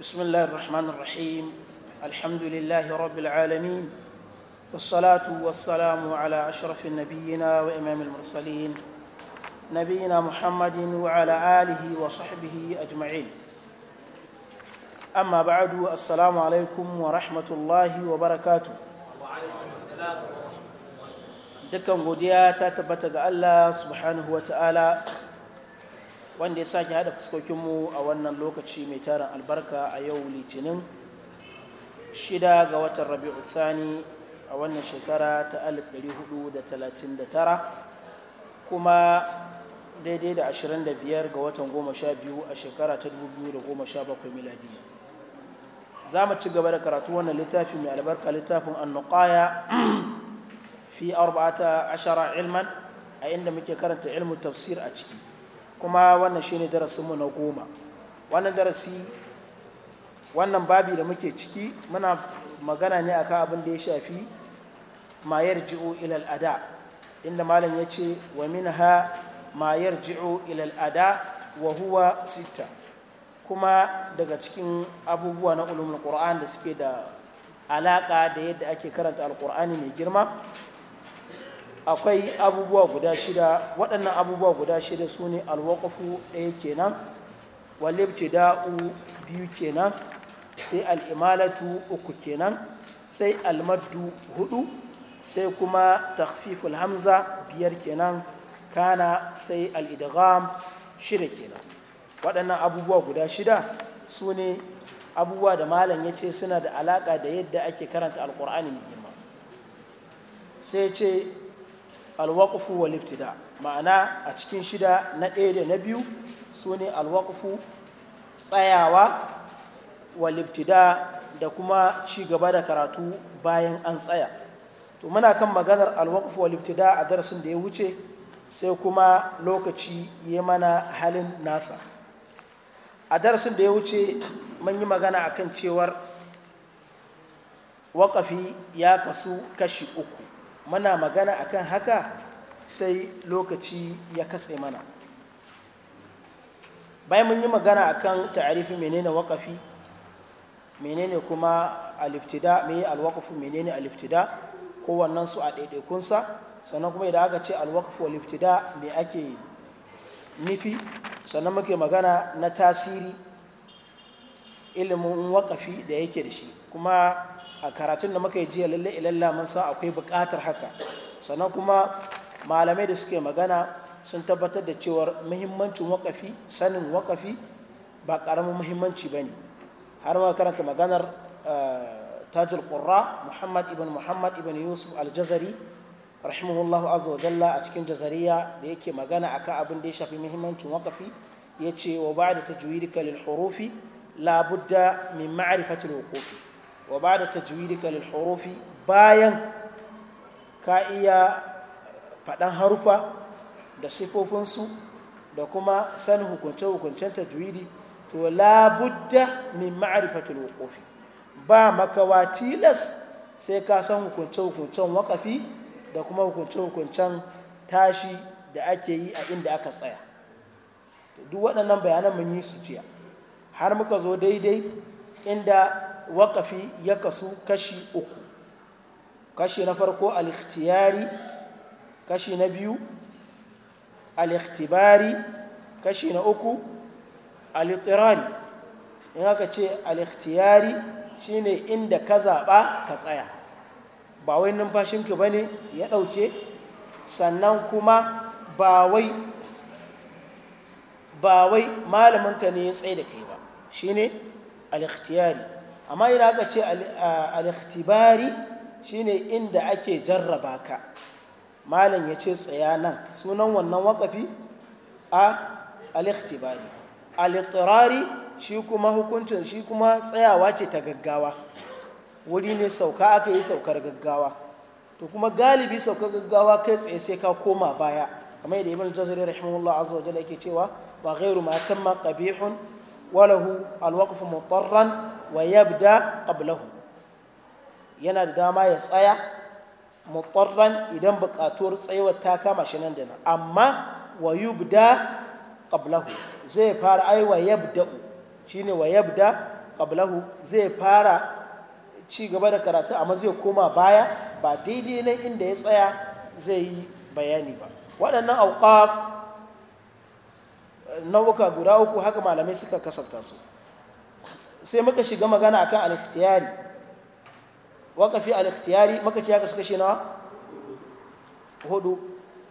بسم الله الرحمن الرحيم الحمد لله رب العالمين والصلاة والسلام على أشرف نبينا وإمام المرسلين نبينا محمد وعلى آله وصحبه أجمعين أما بعد السلام عليكم ورحمة الله وبركاته وعليكم السلام ورحمة الله دكا godiya ta الله سبحانه وتعالى wanda ya sake haɗa fuskokinmu a wannan lokaci mai tarin albarka a yau litinin shida ga watan rabi'u Sani a wannan shekara ta 1439 kuma daidai da 25 ga watan 12 a shekara ta 2017 miladi. za mu ci gaba da karatu wannan littafi mai albarka littafin annuqaya fi 14 ilman a inda muke karanta ilmu tafsir a ciki kuma wannan shi shine darasinmu na goma wannan darasi wannan babi da muke ciki muna magana ne akan abin da ya shafi mayar ji'u ilal ada inda malam ya ce wa ha mayar ji'u ilal ada wa huwa sita kuma daga cikin abubuwa na ulumul qur'an da suke da alaka da yadda ake karanta alqur'ani mai girma akwai abubuwa guda shida waɗannan abubuwa guda shida su ne ɗaya kenan walibci da'u biyu kenan sai al'imalatu uku kenan sai almaddu hudu sai kuma takfiful hamza biyar kenan kana sai al'idgham shida kenan waɗannan abubuwa guda shida su ne abubuwa da malam ya ce suna da alaƙa da yadda ake karanta alƙur'ani mai sai ce alwaƙufu wa liftida ma'ana a cikin shida na ɗaya da na biyu su ne alwaƙufu tsayawa wa liftida da kuma ci gaba da karatu bayan an tsaya to muna kan maganar alwaƙufu wa liftida a darasin da ya wuce sai kuma lokaci ya mana halin nasa a darasin da ya wuce mun yi magana akan cewar waƙafi ya kasu kashi uku muna magana akan haka sai lokaci ya katse mana bayan mun yi magana akan ta'arifi menene waƙafi menene kuma aliftida me alwaqfu menene aliftida Kowannan su a ɗaiɗaikunsa sannan kuma idan aka ce alwaqfu aliftida me ake nufi sannan muke magana na tasiri ilimin waƙafi da yake da shi kuma a karatun da muka yi jiya lalle ilalla mun sa akwai buƙatar haka sannan kuma malamai da suke magana sun tabbatar da cewar muhimmancin wakafi sanin wakafi ba ƙaramin muhimmanci ba ne har ma karanta maganar eh, tajul qurra muhammad ibn muhammad ibn yusuf al-jazari rahimahullahu azza wa jalla a cikin jazariya da yake magana akan abin da ya shafi muhimmancin wakafi ya ce wa ba da tajwidika lil hurufi la budda min ma'rifati al-wuqufi wa ba da tajwidika lil hurufi bayan ka iya faɗan harufa da su da kuma san hukunce-hukuncen tajwidi to labudda min ma'arifatul wuqufi ba makawa tilas sai ka san hukunce-hukuncen waƙafi da kuma hukunce-hukuncen tashi da ake yi a inda aka tsaya duk waɗannan bayanan mun yi su jiya har muka zo daidai inda waƙafi ya kasu kashi uku kashi na farko alikhtiyari kashi na biyu alikhtibari kashi na uku al in aka ce alikhtiyari shi shine inda ka zaɓa ka tsaya ba wai numfashinka ba ne ya ɗauke sannan kuma ba wai malaminka ne ya tsaye da kai ba shine ne amma yana aka ce al'ikhtibari shi shine inda ake jarraba ka malam ya ce tsaya nan sunan wannan wakafi a al'ikhtibari al'ikhtirari shi kuma hukuncin shi kuma tsayawa ce ta gaggawa wuri ne sauka aka yi saukar gaggawa to kuma galibi saukar gaggawa kai tsaye sai ka koma baya kamar yadda ibn jazari rahimahullah azza wa jalla yake cewa wa ghairu ma tamma qabihun wa lahu al-waqf mutarran wa yabda qablahu yana da dama ya tsaya mutarran idan buƙatuwar tsayuwar ta kama shi nan da nan amma wa yubda qablahu zai fara ai wa yabda shine wa yabda qablahu zai fara ci gaba da karatu amma zai koma baya ba daidai ne inda ya tsaya zai yi bayani ba waɗannan auqaf nau'uka guda uku haka malamai suka kasafta su sai muka shiga magana akan al-ikhtiyari waqafi al-ikhtiyari muka ce haka suka shi nawa hudu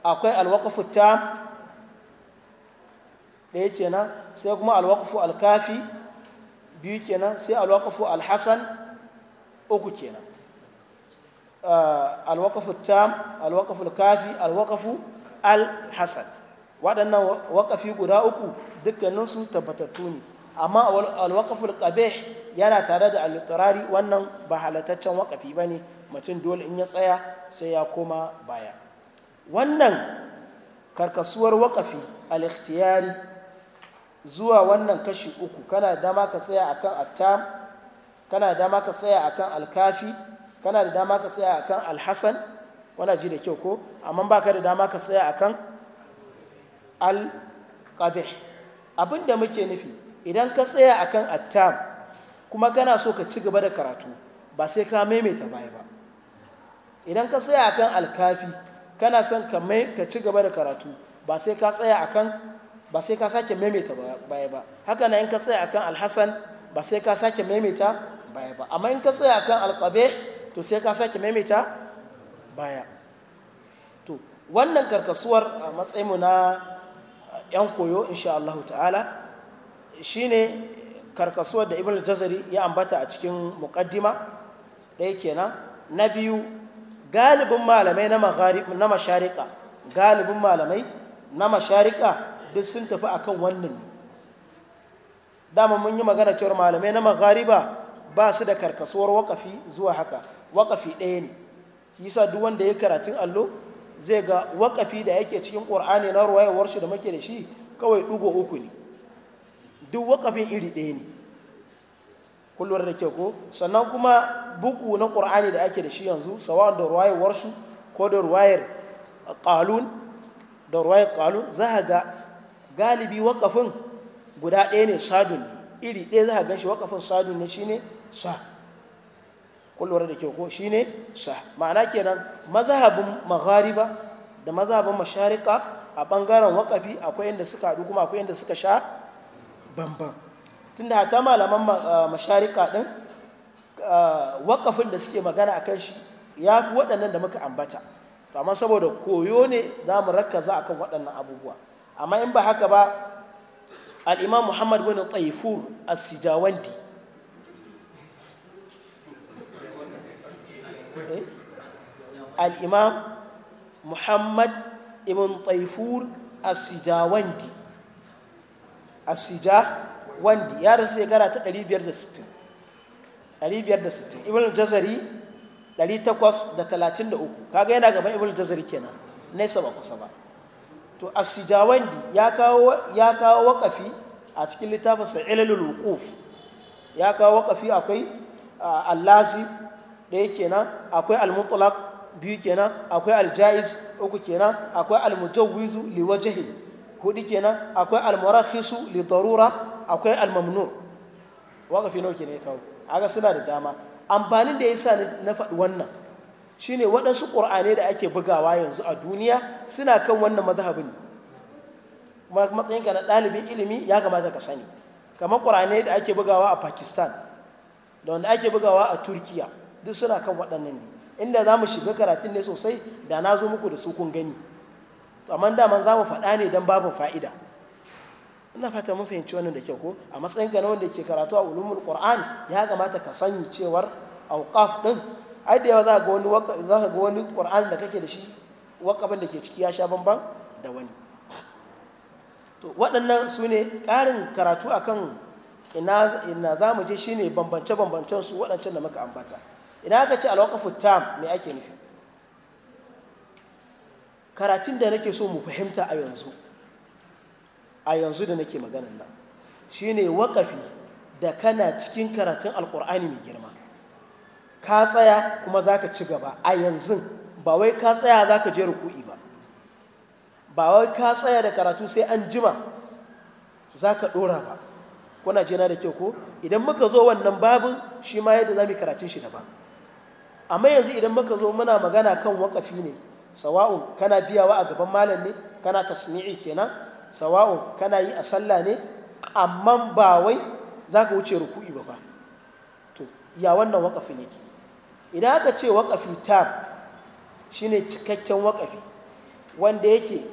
akwai al-waqfu tam ɗaya kenan sai kuma al-waqfu al-kafi biyu kenan sai al-waqfu al-hasan uku kenan eh, al-waqfu tam al-waqfu al-kafi al-waqfu al-hasan waɗannan waƙafi guda uku dukkaninsu tabbatattu ne amma alwakaful qabih yana tare da alitirari wannan ba halataccen ba ne mutum dole in ya tsaya sai ya koma baya wannan karkasuwar waƙafi al zuwa wannan kashi uku kana dama ka tsaya akan attam kana dama ka tsaya akan alkafi kana da dama ka tsaya akan alhassan wana ji da kyau ko amma ba ka da dama ka tsaya akan al-qabih abinda muke nufi idan ka tsaya a kan attam kuma kana so ka ci gaba da karatu ba sai ka maimaita baya ba idan ka tsaya a kan alkafi kana son ka ci gaba da karatu ba sai ka tsaya kan ba sai ka sake maimaita baya ba haka na in ka tsaya a kan alhassan ba sai ka sake maimaita baya ba amma in ka tsaya a kan alkabe to sai ka sake maimaita baya to wannan karkasuwar a matsayinmu na 'yan koyo insha Allah ta'ala shine karkasuwar da ibn al-jazari ya ambata a cikin muqaddima ɗaya kenan na biyu galibin malamai na magharib galibin malamai na masharika duk sun tafi akan wannan dama mun yi magana cewar malamai na maghariba ba su da karkasuwar wakafi zuwa haka wakafi ɗaya ne yasa duk wanda ya karatun allo zai ga wakafi da yake cikin ƙur'ani na ruwayewar shi da muke da shi kawai ɗugo uku ne duk wakafin iri ɗaya ne kullum da ke ko sannan kuma buku na ƙorani da ake da shi yanzu tsawon da ruwayarwarsu ko da ruwayar ƙalun da ruwayar ƙalun za a ga galibi wakafin guda ɗaya ne sadun ne iri ɗaya za a gan shi wakafin sadun ne ne sa kullum da ke ko shi ne sa ma'ana ke kenan mazhabin maghariba da mazahabin masharika a ɓangaren wakafi akwai inda suka haɗu kuma akwai inda suka sha tun da hata malaman ah, masharika ɗin ah, wakafin da suke magana a kan shi ya fi waɗannan da muka ambata to amma saboda koyo ne za mu a kan waɗannan abubuwa amma in ba haka ba al'imam muhammad bin taifur as-sijawandi eh? al'imam muhammad ibn taifur as-sijawandi asija wandi ya rasu shekara ta 560 560 ibn jazari 833 kaga yana gaban ibn jazari kenan nesa ba kusa ba to asijawandi ya kawo ya kawo waqafi a cikin littafin sa ilalul wuquf ya kawo waqafi akwai allazi yake kenan akwai almutlaq biyu kenan akwai aljaiz uku kenan akwai almujawwizu liwajhihi kudi kenan akwai almurakhisu li darura akwai almamnu waka nawa nauke ne kawo aga suna da dama amfanin da yasa na faɗi wannan shine waɗansu qur'ane da ake bugawa yanzu a duniya suna kan wannan mazhabin ne matsayinka na ɗalibin ilimi ya kamata ka sani kamar ƙur'ane da ake bugawa a pakistan da wanda ake bugawa a turkiya duk suna kan waɗannan ne inda zamu shiga karatun ne sosai da na zo muku da su kun gani Aman amma daman za mu faɗa ne don babu fa'ida ina fata mun fahimci wannan da ke ko a matsayin ka na wanda ke karatu a ulumul qur'an ya kamata ka sani cewar auqaf din ai da yawa za ga wani za ga wani qur'an da kake da shi waqafin da ke ciki ya sha bamban da wani to waɗannan su ne ƙarin karatu akan ina ina za mu je shine bambance bambancen su waɗancan da muka ambata Ina aka ce alwaqafu tam me ake nufi karatun da nake so mu fahimta a yanzu a yanzu da nake maganan nan ne wakafi da kana cikin karatun alkur'ani mai girma ka tsaya kuma za ka ci gaba a yanzu ba wai ka tsaya za ka je ruku'i ba ba wai ka tsaya da karatu sai an jima za ka ɗora ba kuna jina da kyau ko idan muka zo wannan babin shi ma yadda za mu karatun shi daban amma yanzu idan muka zo muna magana kan wakafi ne sawa'un kana biyawa a gaban malam ne kana tasni'i kenan sawa'un kana yi a sallah ne amma ba wai za ka wuce ruku'i ba fa to ya wannan wakafi ke? idan aka ce waƙafi tab ne cikakken waƙafi wanda yake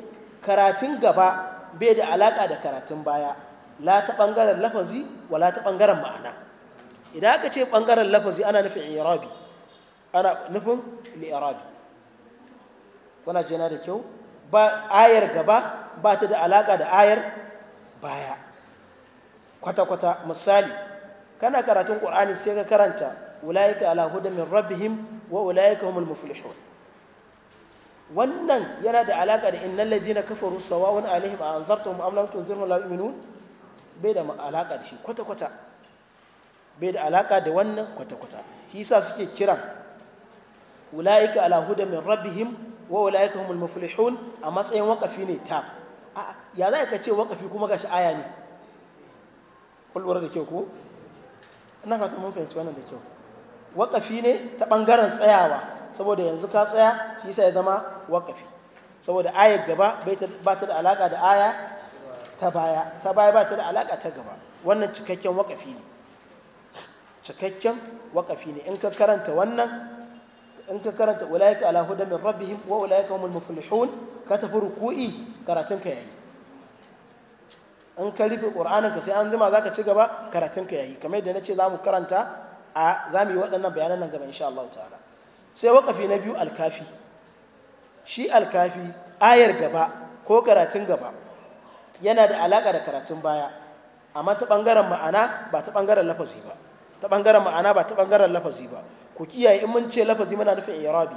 karatun gaba bai da alaƙa da karatun baya la ta ɓangaren lafazi wa la ta ɓangaren ma'ana idan aka ce ɓangaren lafazi ana nufin irabi ana nufin li'irabi kuna jina da kyau ba ayar gaba ba ta da alaka da ayar baya kwata-kwata misali kana karatun ƙur'ani sai ka karanta wulaika alahudu min rabihim wa ulaika humul muflihun wannan yana da alaka da innal kafa rusawa wani alihim a anzartum am lam tunzirhum la bai da alaka da shi kwata-kwata bai da alaka da wannan kwata-kwata shi yasa suke kiran wulaika alahudu min rabihim wa ulaika humul muflihun a matsayin waƙafi ne ta ya za ka ce waƙafi kuma gashi aya ne kulwar da kyau ko ina fata mun fahimci wannan da kyau wakafi ne ta ɓangaren tsayawa saboda yanzu ka tsaya shi yasa ya zama waƙafi saboda ayar gaba ba ta da alaƙa da aya ta baya ta baya ba ta da alaƙa ta gaba wannan cikakken waƙafi ne cikakken waƙafi ne in ka karanta wannan in ka karanta ulaika ala huda min rabbihim wa ulaika humul muflihun ka tafi ruku'i karatun ka yayi in ka rufe qur'anin ka sai an zuma zaka ci gaba karatun ka yayi kamar yadda nace zamu karanta a zamu yi waɗannan bayanan nan gaba insha Allah ta'ala sai waqafi na biyu alkafi shi alkafi ayar gaba ko karatun gaba yana da alaka da karatun baya amma ta bangaren ma'ana ba ta bangaren lafazi ba ta bangaren ma'ana ba ta bangaren lafazi ba ku kiyaye in mun ce lafazi muna nufin irabi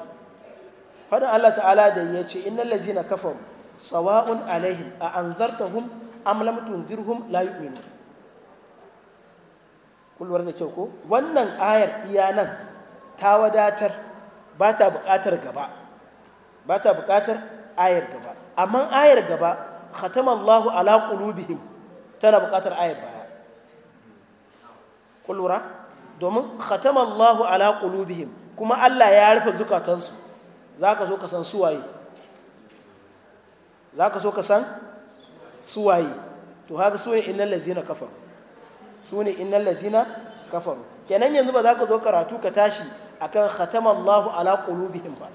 fadin Allah ta'ala da ya ce innal ladzina kafaru sawa'un alaihim a anzartahum am lam tunzirhum la yu'minu kullu da kyau ko wannan ayar iya nan ta wadatar ba ta buƙatar gaba ba ta buƙatar ayar gaba amma ayar gaba khatama Allahu ala qulubihim tana buƙatar ayar baya kullura domin khatamallahu ala qulubihim kuma Allah ya rufe zukatansu zaka so ka san suwaye zaka so ka san suwaye to haka sune innal ladzina kafaru sune innal ladzina kafaru kenan yanzu ba za ka zo karatu ka tashi akan khatamallahu ala qulubihim ba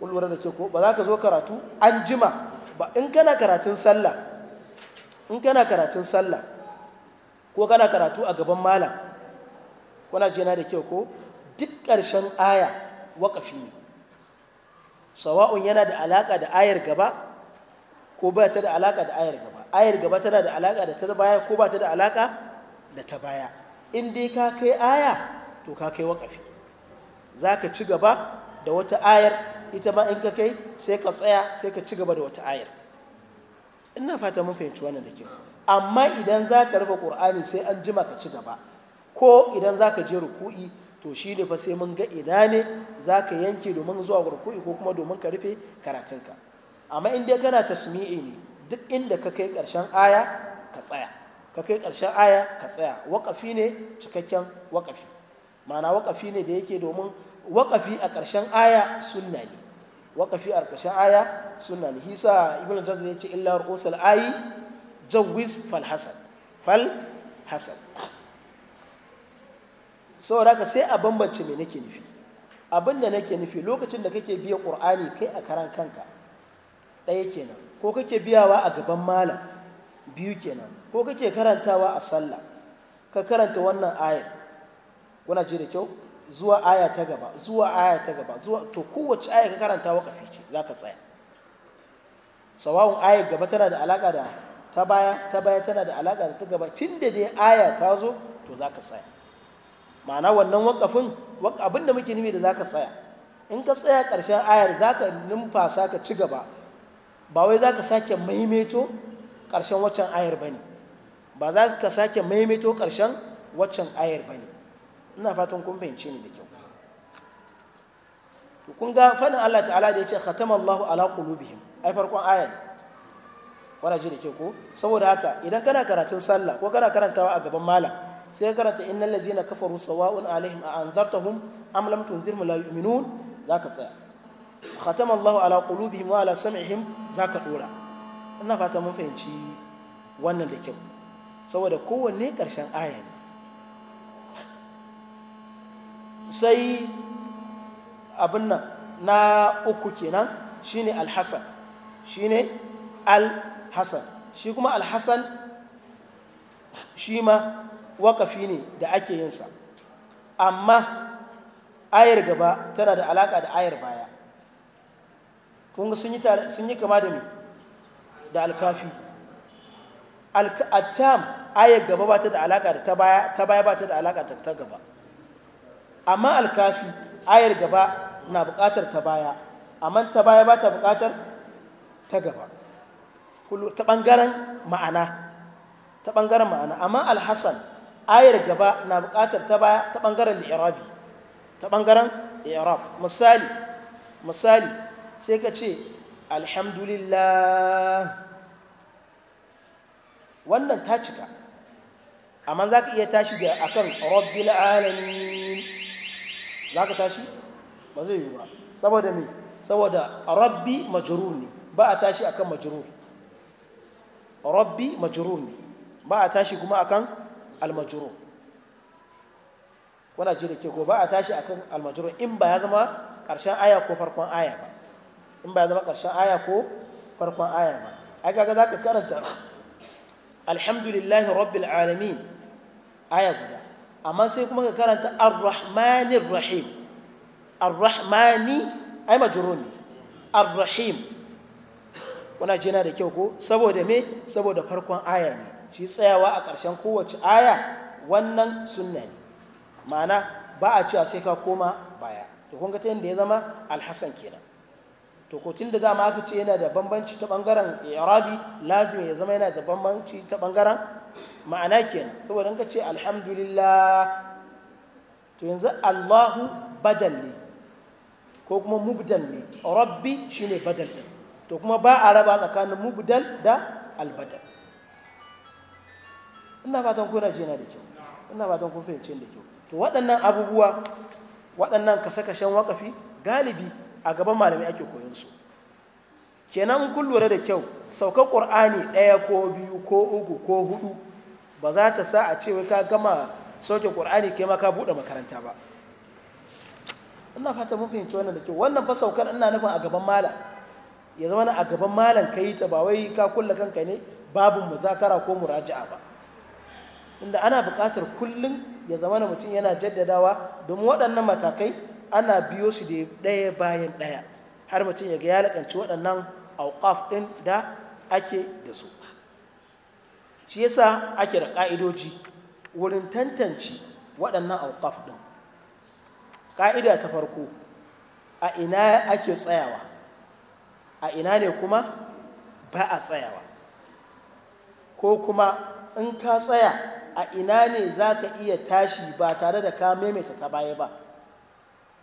kullura da ce ko ba za ka zo karatu anjima ba in kana karatun sallah in kana karatun sallah ko kana karatu a gaban malam kuna jina da kyau ko duk ƙarshen aya waƙafi ne sawa'un yana da alaƙa da ayar gaba ko ba ta da alaƙa da ayar gaba ayar gaba tana da alaƙa da ta baya ko ba ta da alaƙa da ta baya in dai ka kai aya to ka kai waƙafi za ka ci gaba da wata ayar ita ma in ka kai sai ka tsaya sai ka ci gaba da wata ayar ina fata mun fahimci wannan da kyau amma idan za ka rufe ƙur'ani sai an jima ka ci gaba ko idan za ka je ruku'i to shi ne fa sai mun ga ina ne za ka yanke domin zuwa ruku'i ko kuma domin ka rufe karatunka amma in dai kana tasmi'i ne duk inda ka kai ƙarshen aya ka tsaya ka kai ƙarshen aya ka tsaya waƙafi ne cikakken waƙafi ma'ana waƙafi ne da yake domin waƙafi a ƙarshen aya sunna ne waƙafi a ƙarshen aya sunna ne hisa ibn jazir ya ce illa rusul ayi zawis fal hasan fal hasan saboda ka sai a bambance mai nake nufi abin da nake nufi lokacin da kake biya ƙur'ani kai a karan kanka ɗaya kenan ko kake biyawa a gaban malam biyu kenan ko kake karantawa a sallah ka karanta wannan ayar kuna ji da kyau zuwa aya ta gaba zuwa aya ta gaba zuwa to kowace aya ka karanta wakafi ce za ka tsaya sawawun ayar gaba tana da alaka da ta baya ta baya tana da alaƙa da ta gaba da dai aya ta zo to ka tsaya ma'ana wannan wakafin abinda muke nimi da ka tsaya in ka tsaya ƙarshen ayar za ka numfasa ka ci gaba ba wai za ka sake maimaito ƙarshen waccan ayar ba ne ba za ka sake maimaito ƙarshen waccan ayar ba ne ina fatan kun fahimce ni da kyau to kun ga fadin Allah ta'ala da ya ce khatamallahu ala qulubihim ai farkon ayar wana ji da ke ko saboda haka idan kana karatun sallah ko kana karantawa a gaban malam sai ka karanta innal ladzina kafaru sawa'un alaihim a anzartahum am lam tunzirhum la yu'minun zaka tsaya khatama Allahu ala qulubihim wa ala sam'ihim zaka dora ina fata mun fahimci wannan da kyau saboda kowanne karshen aya ne sai abin nan na uku kenan shine alhasan shine al hasan shi kuma alhassan shi ma wakafi ne da ake yinsa amma ayar gaba tana da alaka da ayar baya kuma sun yi kama da mi da alkafi al'attam ayar gaba ba ta da alaka da ta baya ba ta da alaka da ta gaba amma alkafi ayar gaba na bukatar ta baya amma ta baya ba ta bukatar ta gaba ta ɓangaren ma'ana ta ɓangaren ma'ana amma alhassan ayar gaba na buƙatar ta baya ta ɓangaren li'irabi ta ɓangaren i'rab misali misali sai ka ce alhamdulillah wannan ta cika amma za ka iya tashi da akan rabbil alamin za ka tashi ba zai yi ba saboda me saboda rabbi majrur ne ba a tashi akan majrur rabbi majrur ne ba a tashi kuma akan almajrur kuna ji da ke ko ba a tashi akan almajrur in ba ya zama karshen aya ko farkon aya ba in ba ya zama karshen aya ko farkon aya ba ai kaga ka karanta alhamdulillahi rabbil alamin aya guda amma sai kuma ka karanta arrahmanir rahim arrahmani ai majrur ne arrahim kuna jina da kyau ko saboda me saboda farkon aya ne shi tsayawa a ƙarshen kowace aya wannan sunna ne ma'ana ba a cewa sai ka koma baya to kun ga ta yadda ya zama alhassan kenan to ko tun da dama aka ce yana da bambanci ta bangaren irabi lazim ya zama yana da bambanci ta bangaren ma'ana kenan saboda in ka ce alhamdulillah to yanzu allahu badal ne ko kuma mubdal ne rabbi shine badal ne to kuma ba a raba tsakanin mubdal da albadal ina fatan kuna ji jina da kyau ina fatan kun fahimce da kyau to waɗannan abubuwa waɗannan kasakashen kashen wakafi galibi a gaban malamai ake koyon su kenan kun lura da kyau saukar ƙur'ani ɗaya ko biyu ko uku ko hudu ba za ta sa a ce wai ka gama sauke ƙur'ani kai ma ka buɗe makaranta ba ina fata mun fahimci wannan da kyau wannan fa saukar ina nufin a gaban malam ya zama a gaban malam ka ta ba wai ka kulla kanka ne babu muzakara ko muraja'a ba inda ana buƙatar kullum ya zama na mutum yana jaddadawa domin waɗannan matakai ana biyo su da ɗaya bayan ɗaya har mutum ya ga ya lakanci waɗannan auƙaf ɗin da ake da su shi yasa ake da ƙa'idoji wurin tantance waɗannan auƙaf ɗin ƙa'ida ta farko a ina ake tsayawa a ina ne kuma ba a tsayawa ko kuma in ka tsaya a ina ne za ka iya tashi ba tare da ka maimaita ta baya ba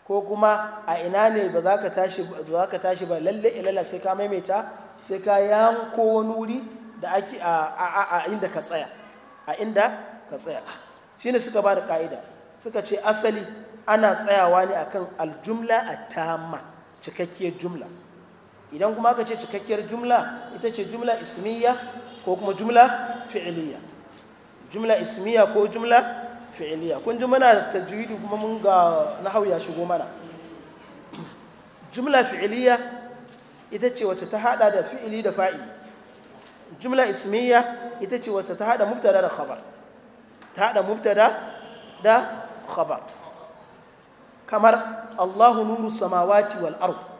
ko kuma a ina ne ba za ka tashi ba lalle ilalla sai ka maimaita sai ka yanko wani wuri da ake a inda ka tsaya a inda ka tsaya shine suka ba da ka'ida suka ce asali ana tsayawa ne akan aljumla a tamma cikakkiyar jumla idan kuma aka ce cikakkiyar jumla ita ce jumla ismiya ko kuma jumla fi'iliya jumla ismiya ko jumla fi'iliya kun ji mana tajwidi kuma mun ga nahau ya shigo mana jumla fi'iliya ita ce wacce ta hada da fi'ili da fa'ili jumla ismiya ita ce wacce ta hada mubtada da khabar ta hada mubtada da khabar kamar Allahu nuru samawati wal ardh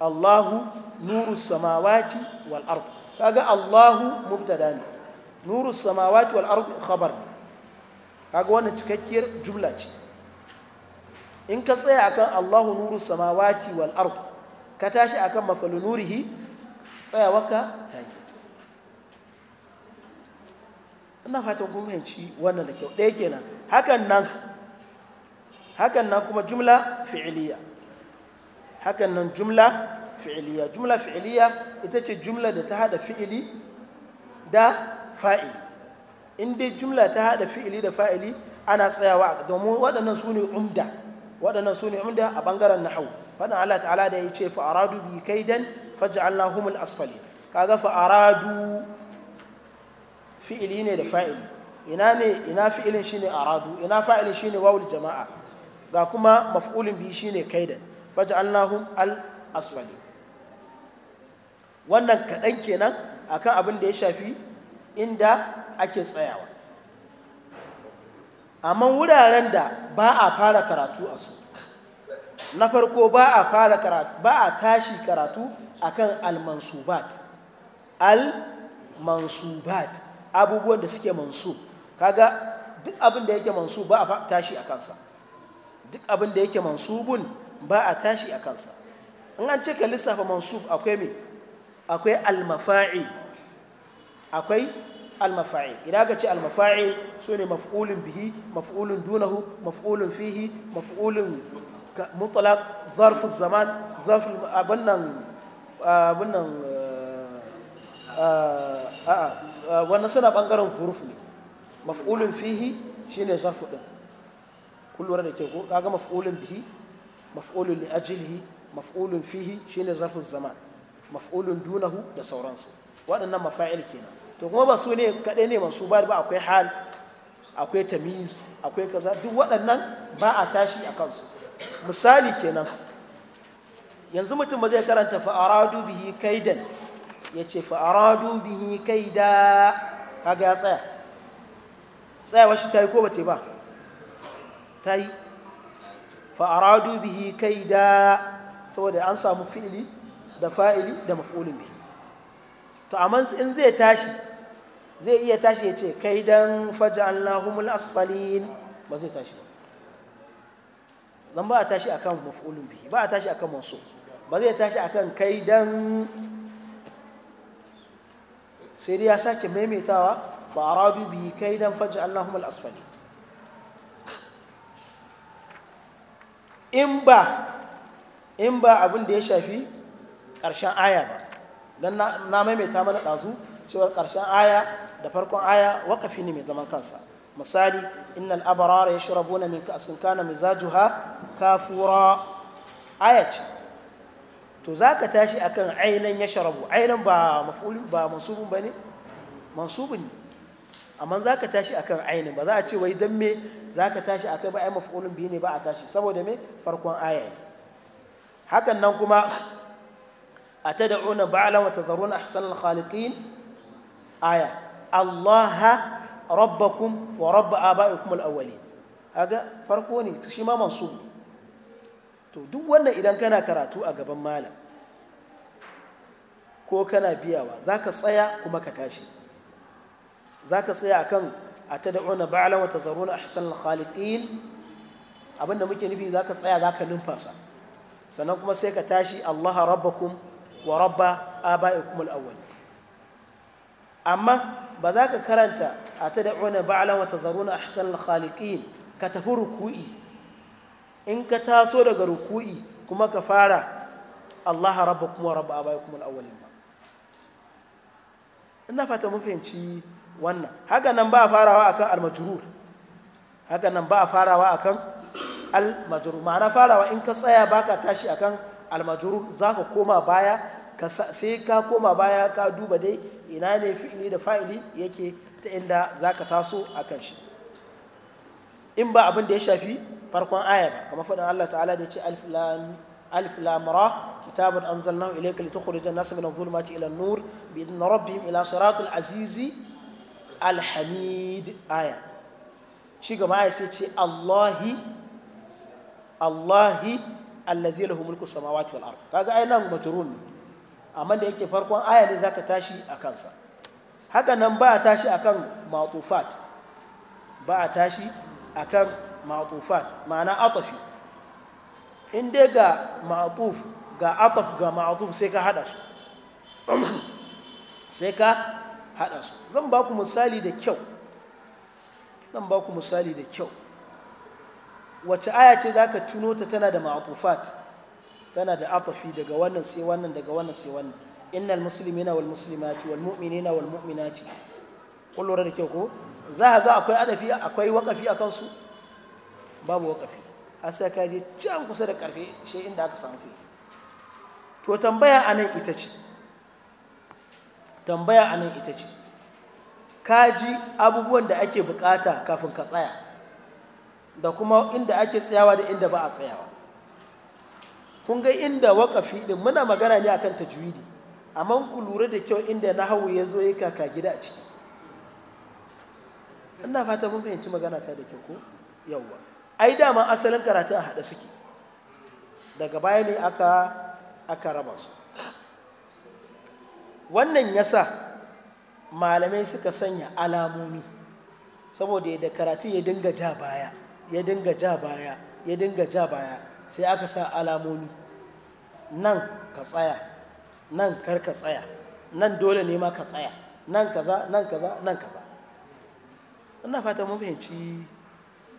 Allahu nuru samawati wal ard kaga Allahu mubtada ne nuru samawati wal ard khabar ne kaga wannan cikakkiyar jumla ce in ka tsaya akan Allahu nuru samawati wal ard ka tashi akan mafalu nurihi tsayawarka ta yi ina fatan kun fahimci wannan da kyau ɗaya kenan hakan nan hakan nan kuma jumla fi'iliya hakan nan jumla fi'iliya jumla fi'iliya ita ce jumla da ta hada fi'ili da fa'ili inda jumla ta hada fi'ili da fa'ili ana tsayawa domin waɗannan su ne umda waɗannan su ne umda a ɓangaren hau faɗin Allah ta'ala da ya ce fa'aradu bi kaidan faj'alna humul asfali kaga fa'aradu fi'ili ne da fa'ili ina ne ina fi'ilin shine aradu ina fa'ilin shine wawul jama'a ga kuma maf'ulin bi shine kaidan faj'alnahum al-asfali wannan kaɗan kenan akan abin da ya shafi inda ake tsayawa amma wuraren da ba a fara karatu a su na farko ba a fara karatu ba a tashi karatu akan al-mansubat al-mansubat abubuwan da suke mansu kaga duk abin da yake Mansu ba a tashi a kansa duk abin da yake mansubun ba a tashi a kansa in an ce ka lissafa mansub akwai me akwai almafa'i akwai almafa'i idan ka ce almafa'i su ne maf'ulun bihi maf'ulun dunahu maf'ulun fihi maf'ulun mutlaq zarfu zaman zarfu abin nan abin nan eh, eh, eh, a'a wannan suna bangaren furuf ne maf'ulun fihi shine zarfu din Kullum da ke ko kaga maf'ulun bihi maf'ulun li ajlihi maf'ulun fihi shine zarfin zaman maf'ulun dunahu da sauransu waɗannan mafa'il kenan to kuma ba su ne kaɗai ne masu ba ba akwai hal akwai tamiz akwai kaza duk waɗannan ba a tashi a kansu misali kenan yanzu mutum ba zai karanta fa'aradu bihi kaidan ya ce fa'aradu bihi kaida kaga ya tsaya tsayawa shi ta yi ko ba ta yi ba ta yi fa'aradu bihi kai da saboda an samu fi'ili da fa'ili da maf'ulun bihi to amma in zai tashi zai iya tashi ya ce kai dan faja allahumul asfalin ba zai tashi ba dan ba a tashi akan maf'ulun bihi ba a tashi akan masu ba zai tashi akan kai dan sai dai ya sake maimaitawa fa'aradu bihi kai dan faja allahumul asfalin in ba in ba abin da ya shafi ƙarshen aya ba don na maimaita mana ɗazu cewa ƙarshen aya da farkon aya wakafi ne mai zaman kansa misali innal abarara ya shirabu na min kasin kana kafura aya ce to za ka tashi akan ainan ya shirabu ainan ba mafulun ba ba ne mansubun ne amma za ka tashi akan ainihin ba za a ce wai dan me za ka tashi a kai ba yi mafi biyu ne ba a tashi saboda me farkon aya ne hakan nan kuma a ta da'una ba'alan zaro na ahsanal khalikin aya Allah rabbakum wa rabb aba'ikum al-awwalin aga farko ne shi ma mansub to duk wannan idan kana karatu a gaban malam ko kana biyawa zaka tsaya kuma ka tashi zaka tsaya akan atad'una zaro na tadharuna ahsanal khaliqin abinda muke nufi za ka tsaya ka numfasa sannan kuma sai ka tashi Allah rabbakum wa rabba aba'ikum al-awwal amma ba za ka karanta da atad'una zaro na tadharuna ahsanal khaliqin ka tafi ruku'i in ka taso daga ruku'i kuma ka fara Allah rabbakum wa rabba aba'ikum al-awwal ina fata mun fahimci wannan haka nan ba a farawa akan al haka nan ba a farawa ma'ana farawa in ka tsaya baka tashi akan al za zaka koma baya sai ka koma baya ka duba dai ina ne fi'ili da fa'ili yake ta inda zaka taso akan shi in ba abin da ya shafi farkon aya ba kamar faɗin Allah ta'ala da ya ce alif lam ألف لام را كتاب أنزلناه إليك لتخرج الناس ila الظلمات إلى النور بإذن ربهم Ila صراط azizi. alhamid aya shi gama aya sai ce allahi allahi allazi lahu mulku samawati wal ard kaga ai nan majrun amma da yake farkon aya ne zaka tashi a kansa haka nan ba tashi akan matufat ba a tashi akan matufat ma'ana atafi in dai ga matuf ga ataf ga matuf sai ka hada su sai ka haɗa su zan ba ku misali da kyau zan ba ku misali da kyau wacce aya ce za ka tuno ta tana da ma'atufat tana da atafi daga wannan sai wannan daga wannan sai wannan innal muslimina wal muslimati wal mu'minina wal mu'minati da kyau ko za ka ga akwai adafi akwai wakafi a kansu babu wakafi har sai ka je can kusa da karfe shi inda aka samu to tambaya anan ita ce tambaya anan ita ce ka ji abubuwan da ake bukata kafin ka tsaya da kuma inda ake tsayawa da inda ba a tsayawa kun ga inda waƙafi ɗin muna magana ne akan tajwidi amma ku lura da kyau inda na hau ya zo ya kaka gida a ciki ina fata mun fahimci magana ta da kyau ko yawwa ai dama asalin karatun a haɗa suke daga baya ne aka aka raba su wannan yasa malamai suka sanya alamomi saboda da karatu ya dinga ja baya ya dinga ja baya ya dinga ja baya sai aka sa alamomi nan ka tsaya nan kar ka tsaya nan dole ne ma ka tsaya nan kaza nan kaza nan kaza ina fata mun fahimci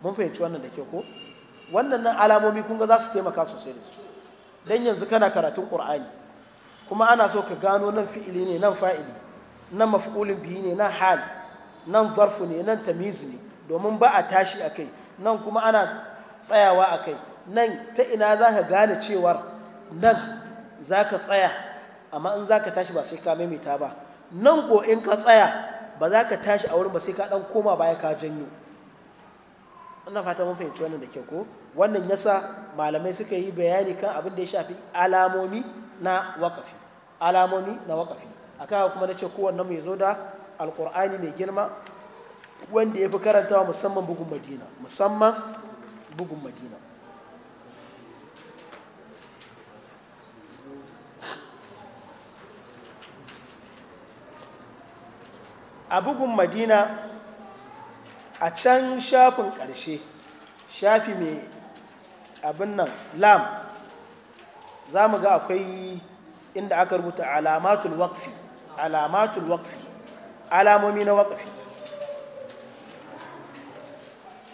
mun fahimci wannan da ke ko wannan nan alamomi kun ga za su taimaka sosai da sosai don yanzu kana karatun ƙur'ani. kuma ana so ka gano nan fi'ili ne nan fa'ili nan maf'ulin bihi ne nan hal nan zarfu ne nan tamiz ne domin ba a tashi a kai nan kuma ana tsayawa a kai nan ta ina za ka gane cewar nan za ka tsaya amma in za ka tashi ba sai ka maimaita ba nan ko in ka tsaya ba za ka tashi a wurin ba sai ka dan koma baya ka janyo ina fata mun fahimci wannan da ke ko wannan yasa malamai suka yi bayani kan abin da ya shafi alamomi na wakafi alamomi na wakafi a kawo kuma na ce kowanne mai zo da alkur'ani mai girma wanda ya fi karantawa musamman bugun madina musamman bugun madina a bugun madina a can shafin karshe shafi mai abin nan lam za mu ga akwai inda aka rubuta alamatul waqfi alamatul waqfi alamomi na waqfi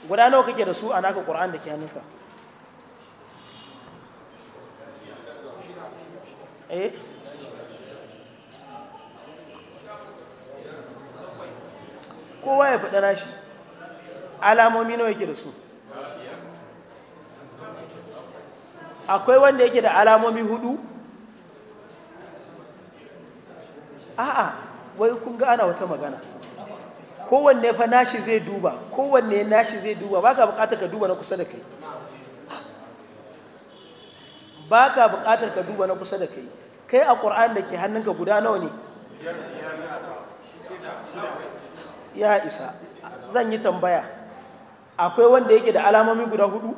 guda nawa kake da su a naka qur'an da ke hannunka eh kowa ya faɗa nashi alamomi nawa yake da su akwai wanda yake da alamomi hudu a'a wai kun ga ana wata magana kowanne fa nashi zai duba kowanne nashi zai duba baka bukatar ka duba na kusa da kai baka bukatar ka duba na kusa da kai kai a ƙur'an da ke hannunka guda nawa ne ya isa zan yi tambaya akwai wanda yake da alamomi guda hudu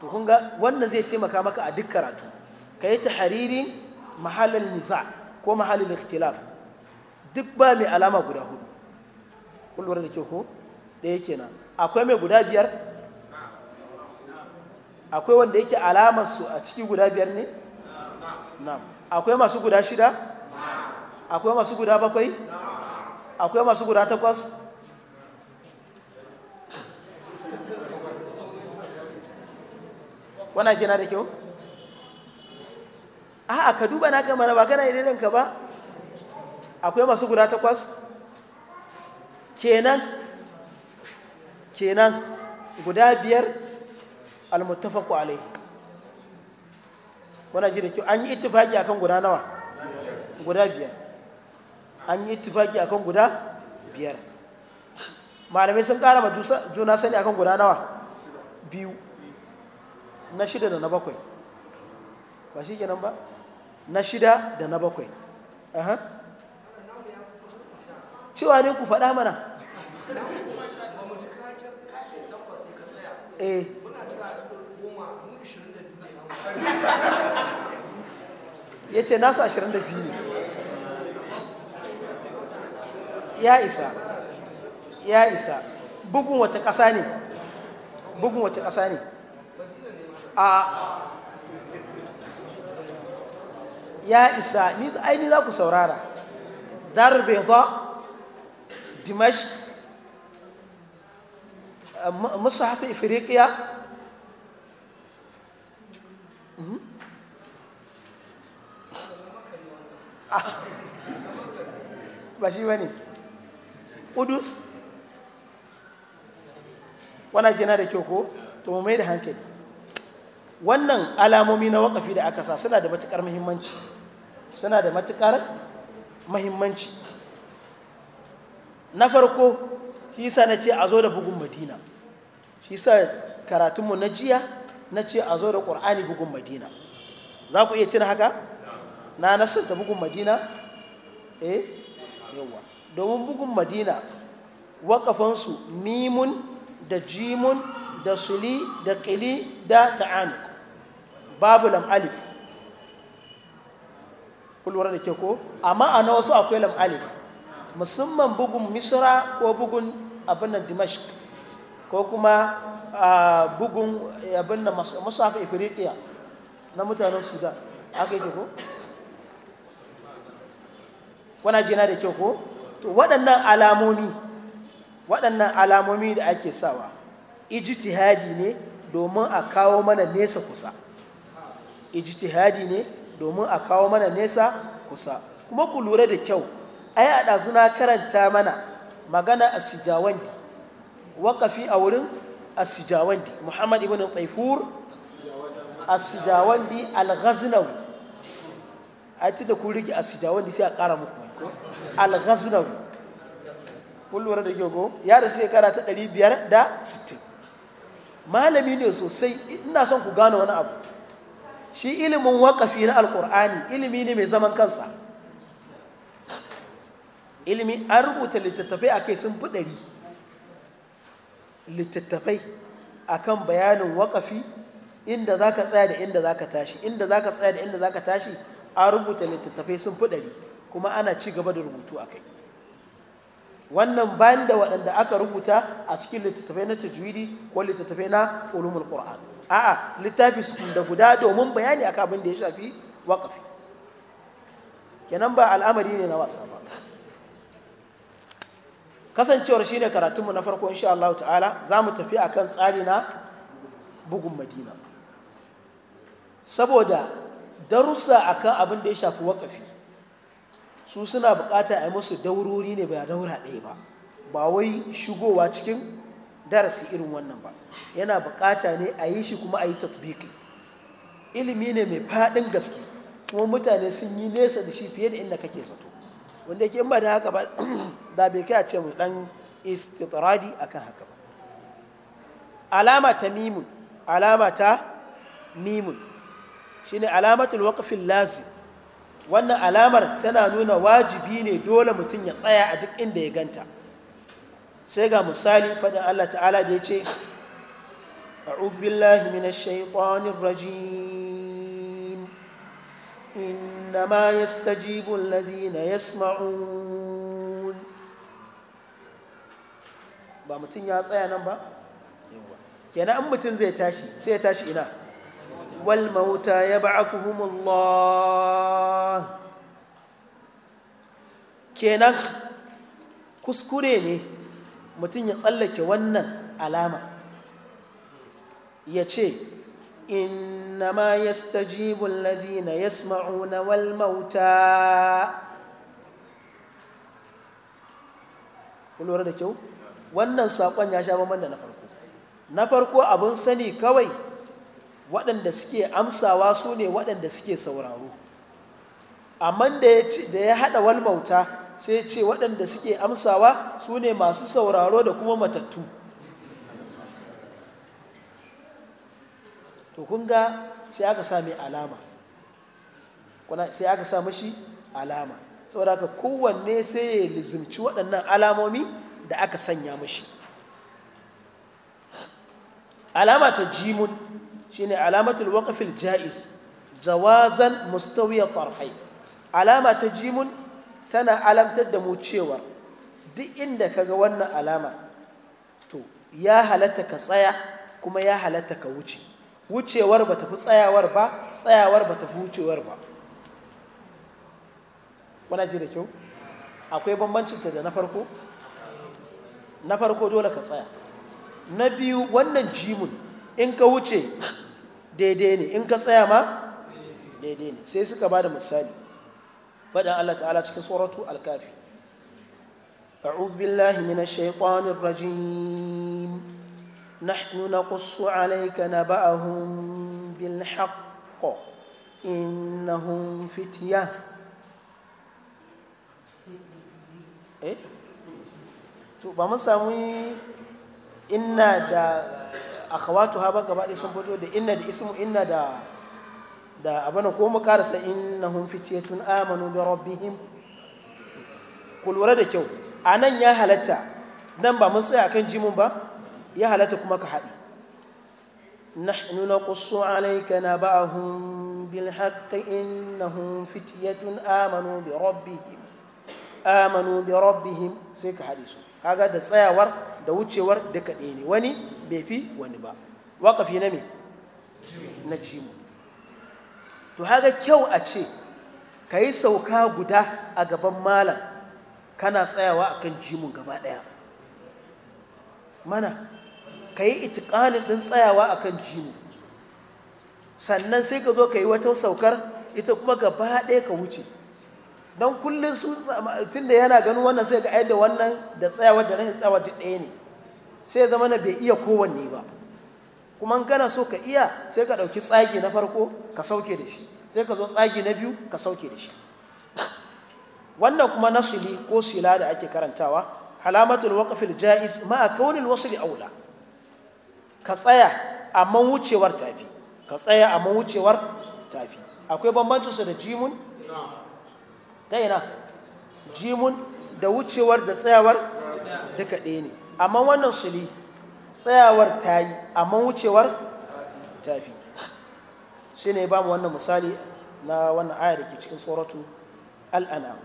to kun ga wannan zai taimaka maka a duk karatu ka yi haririn. mahallal nisa ko mahallal ikhtilaf duk ba mai alama guda hudu kulwar da ke ko ɗaya kenan akwai mai guda biyar akwai wanda yake alamarsu su a ciki guda biyar ne akwai masu guda shida akwai masu guda bakwai akwai masu guda takwas wana jina da kyau a'a ka duba na mana ba kana irin ka ba akwai masu guda takwas kenan kenan guda biyar almuttafaqu alai wana ji da kyau an yi ittifaki akan guda nawa guda biyar an yi ittifaki akan guda biyar malamai sun kara ma juna sani akan guda nawa biyu na shida da na bakwai ba shi nan ba na shida da na bakwai cewa ne ku faɗa mana eh. ya ce nasu biyu ne ya isa ya isa bugun wace ƙasa ne bugun wace ƙasa ne a ya isa ni aini za ku saurara darul bayda Dimash mushaf afirikiya mhm. ah. ba shi wani udus wana jina da kyau ko to mai da hankali wannan alamomi na wakafi da aka sa suna da matukar muhimmanci suna da matuƙar mahimmanci na farko shi sa na ce a zo da bugun madina shi sa karatunmu na jiya na ce a zo da ƙur'ani bugun madina za ku iya cin haka na nasarta bugun madina eh yawa domin bugun madina waƙafansu mimun da jimun da suli da ƙili da ta'anuk babu lam alif Kulwar da ke ko amma a na wasu akwai lam alif musamman bugun misra ko bugun abin nan dimashq ko kuma bugun abin nan hafi ifiritiya na mutanen sudan aka yi ko wana jina da ke ko to waɗannan alamomi waɗannan alamomi da ake sawa ijtihadi ne domin a kawo mana nesa kusa ijtihadi ne domin a kawo mana nesa kusa kuma ku lura da kyau ai a ɗazu na karanta mana magana a sijawandi waƙafi a wurin a sijawandi muhammad ibn taifur a sijawandi al-ghaznawi a da ku rike a sijawandi sai a ƙara muku al-ghaznawi kun lura da kyau ko ya da kara ta 560 malami ne sosai ina son ku gane wani abu shi ilimin waƙafi na alƙur'ani ilimi ne mai zaman kansa ilimi an rubuta littattafai a kai sun fi ɗari littattafai a kan bayanin waƙafi inda za ka tsaya da inda za ka tashi inda za ka tsaya da inda za ka tashi an rubuta littattafai sun fi ɗari kuma ana ci gaba da rubutu a kai wannan bayan da waɗanda aka rubuta a cikin littattafai na tajwidi ko littattafai na ulumul qur'an a'a littafi da guda domin bayani akan abin da ya shafi waƙafi kenan ba al'amari ne na wasa ba kasancewar shi ne karatunmu na farko insha Allah ta'ala zamu tafi akan tsari na bugun madina saboda darussa akan abin da ya shafi wakafi su suna bukata a yi musu daurori ne ba daura ɗaya ba ba wai shigowa cikin darasi irin wannan ba yana bukata ne a yi shi kuma a yi tatbiki ilimi ne mai faɗin gaske kuma mutane sun yi nesa da shi fiye da inda kake zato wanda yake in ba da haka ba da bai kai a ce mu dan istitradi akan haka ba alama ta mimun alama ta mimun shine alamatul waqfil lazim wannan alamar tana nuna wajibi ne dole mutum ya tsaya a duk inda ya ganta sai ga misali faɗin Allah ta'ala da ya ce أعوذ بالله من الشيطان الرجيم إنما يستجيب الذين يسمعون ba mutum ya tsaya nan ba kenan an mutum zai tashi sai ya tashi ina wal mauta ya ba'athuhum Allah kenan kuskure ne mutum ya tsallake wannan alama ya ce innama na alladhina yasma'una na walmauta. kulwar da kyau wannan saƙon ya sha ba da na farko na farko abin sani kawai waɗanda suke amsawa su ne waɗanda suke sauraro amma da ya haɗa walmauta sai ce waɗanda suke amsawa su ne masu sauraro da kuma matattu to kun sai aka sa mai alama sai aka sa mashi alama saboda kowanne sai ya lizimci waɗannan alamomi da aka sanya mashi alama ta jimun shine alamatul waƙafil ja'iz jawazan mustawiyar tarfai alama ta jimun tana alamtar da mu cewar duk inda kaga wannan alamar to ya halatta ka tsaya kuma ya halatta ka wuce wucewar ba ta fi tsayawar ba tsayawar ba ta fi wucewar ba wana ji da kyau akwai bambancinta da na farko na farko dole ka tsaya na biyu wannan jimun in ka wuce daidai ne in ka tsaya ma daidai ne sai suka ba da misali faɗin Allah ta'ala cikin suratu al-kafi أعوذ بالله من الشيطان الرجيم نحن نقص عليك نبأهم بالحق إنهم فتية إيه؟ sun fito da inna ismu da abana ko mu karasa innahum fitiyatun amanu bi rabbihim ku da kyau anan ya halatta nan ba mun tsaya kan jimin ba ya halatta kuma ka hadi nahnu naqussu alayka naba'ahum bil haqqi innahum fityatun amanu bi rabbihim amanu bi rabbihim sai ka haɗi su kaga da tsayawar da wucewar da kade ne wani bai fi wani ba waqafi na me na jimu to haga kyau a ce ka yi sauka guda a gaban malam kana tsayawa a kan jimun gaba ɗaya mana ka yi itikanin ɗin tsayawa a kan jimu sannan sai ka zo ka yi wata saukar ita kuma gaba ɗaya ka wuce don kullum su tun da yana ganin wannan sai ga da wannan da tsayawa da rahin tsawa duk ɗaya ne sai zama na bai iya kowanne ba kuma gana so ka iya sai ka ɗauki tsagi na farko ka sauke da shi sai ka zo tsagi na biyu ka sauke da shi wannan kuma nasili ko sila da ake karantawa halamatul waqfil jaiz ma kaunil wasl aula ka tsaya amma wucewar tafi ka tsaya amma wucewar tafi akwai bambanci su da jimun ta yana jimun da wucewar da tsayawar duka ɗaya ne amma wannan sili tsayawar ta yi amma wucewar ta fi shi ne ba mu wannan misali na wannan aya da ke cikin tsoratu al'ana